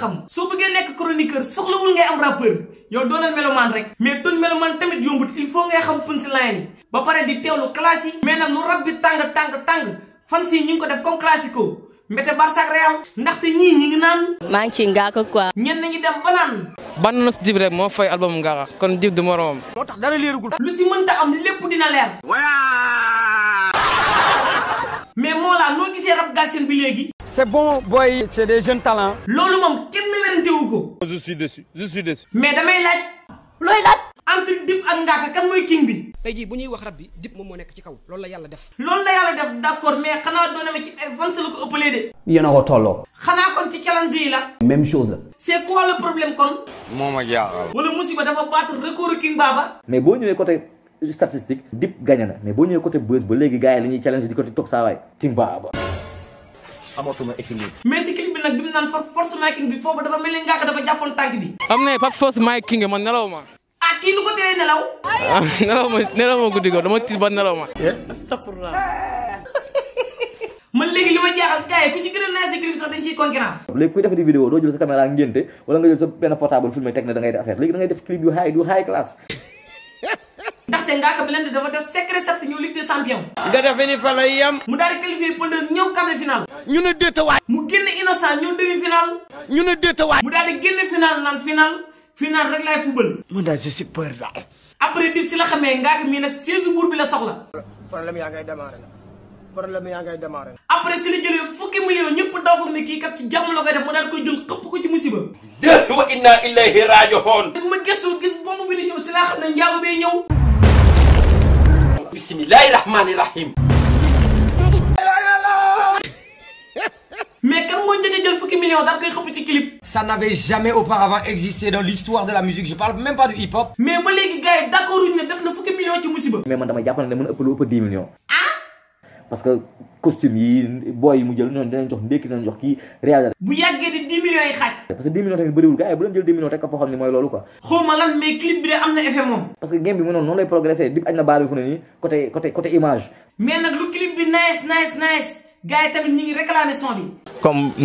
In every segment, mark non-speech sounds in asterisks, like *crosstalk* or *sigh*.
xam soo bëggee nek chroniqueur wul ngay am rappeur yow doonal meloman rek mais tun meloman tamit yombut il faut ngay xam punchline ba paré di teewlu classique mais nag lu rab bi tang tang tàng fans yi ñu ko def comme classico mbété barça ak real ndax té ñi ngi nan ma ngi ci ko quoi ñen ñi dem banan ban nas dib rek mo fay album ngaaka kon dib du morom motax dara leerugul lu mën ta am lépp dina leer waya mais mo la no gisé rap gal bi légui c'est bon boy c'est des jeunes talents lolu mom ko. je suis déçu je suis déçu. mais damay laaj. looy laaj. entre dip ak ngaaka kan mooy king bi. tey jii bu wax dip moom moo nekk ci kaw la def. loolu la def d' accord mais xanaa doo demee ci ay ventes la ko ëppalee ko kon ci challenge yi la. même chose la. quoi le problème kon. moom ak yaaxal. wala musiba dafa battre record king baaba. mais boo ñëwee côté statistique. dip gagné na mais boo ñëwee côté buzz ba léegi challenge di côté toog saa waay king baaba. amatuma équilibre. mais si bi nag bi first force making bi foofu dafa mel ni ngàkk dafa jàppoon tànk bi. am na force making man nelaw ma. ah kii lu ko teree nelaw. Ah, *laughs* nelaw ma nomor ma guddi dama tiit ma. Eh, *laughs* man léegi li ma jaaxal ku si gën a naaj crime sax dañ siy concurrence. léegi kuy def di vidéo doo jël sa caméra wala nga jël sa portable filmé teg na da ngay def affaire léegi da ngay def clip yu high du high class. ndaxte Ngaaka Blindé dafa def secret set ñëw Ligue des champions. nga defe ni fa lay yem. mu daal di qualifié pëldeuse ñëw ñu ne déeta mu ñëw demi finale. ñu ne déeta mu daal di génn final naan final final rek laay football. mu daal je suis peur daal. après dib si la xamee Ngaaka mii nag siège buur bi la soxla. problème yaa ngay démarré la problème yaa ngay démarré. après si la jëlee fukki million ñëpp daw foog ne kii kat ci mu daal koy ko ci musiba. wa inna ilayhi raaji'uun. bu ma gëstu gis bomb bi di ñëw si laa Bismillahirrahmanirrahim rahmaani rahim. mais kan moo njëkk a jël millions million pour koy xëpp ci clip. ça n'avait jamais auparavant existé dans l'histoire de la musique je parle même pas du hip hop. mais ba les gars yi d'accord uñu ne def na fukki million ci musiba. mais man dama jàpp ne mën ëpp lu 10 millions. parce que costume yi booy yi mu jël noonu dinañ jox ndékki dinañ jox kii réagir bu yàggee di dix millions yi xaj parce que dix millions tamit bëriwul gars yi bu leen jël dix millions teg ko foo xam na noonu noonu lay progressé na baar bi fu ne nii côté côté côté image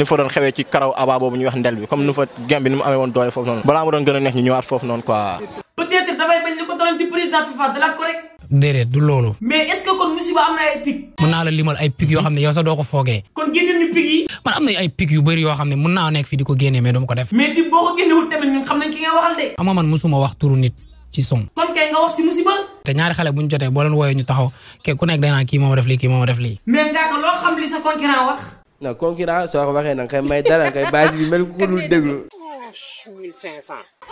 fa ci karaw aba boobu ñuy wax ndel comme ni fa game bi ni mu amee woon doole dalaat ko rek déedéet du loolu. mais est-ce que kon musiba am na ay pic. mën naa la limal ay pic yoo xam ne yow sax doo ko foogee. ay pic yu bëri yoo xam ne mën naa nekk fii di ko génne mais dama ko def. mais di wax turu nit ci son. kon xale bu ñu boo leen wooyee ñu taxaw ke ku moo ma def lii lii. ngaa ko loo xam li sa concurrent wax. concurrent soo ko waxee nag kay may dara kay base mel ku ko dul déglu. Oh,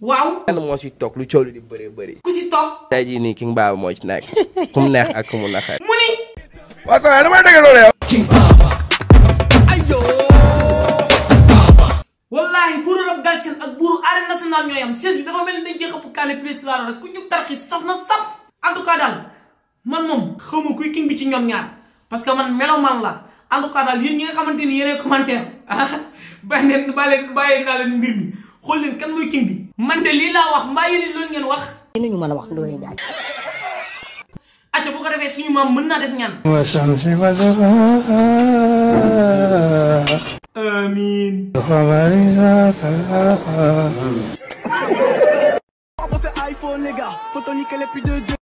waaw kenn moo si toog lu coow di bëree bëri ku si toog tey jii nii King Baba moo ci nekk ku mu neex ak ku mu naqari mu ni sama yow King Baba ayo Baba wallaahi buuru rab Galsen ak buuru arène nationale ñooy am siège bi dafa mel ni dañ cee xëpp kaane plus la rek ku ñu tarxi saf na saf en tout cas daal man moom kuy king bi ci ñoom ñaar parce que man melomaan la en tout cas daal yéen ñi nga xamante ni yéenay commentaire *laughs* bàyyi leen bàyyi leen naa leen mbir mi xool leen kan mooy king bi man de lii laa wax mbaa yéen loolu ngeen wax. dinañu mën a wax Ndoye Ndiaye. acca bu ko defee suñu maam mën naa def ñaan. amiin.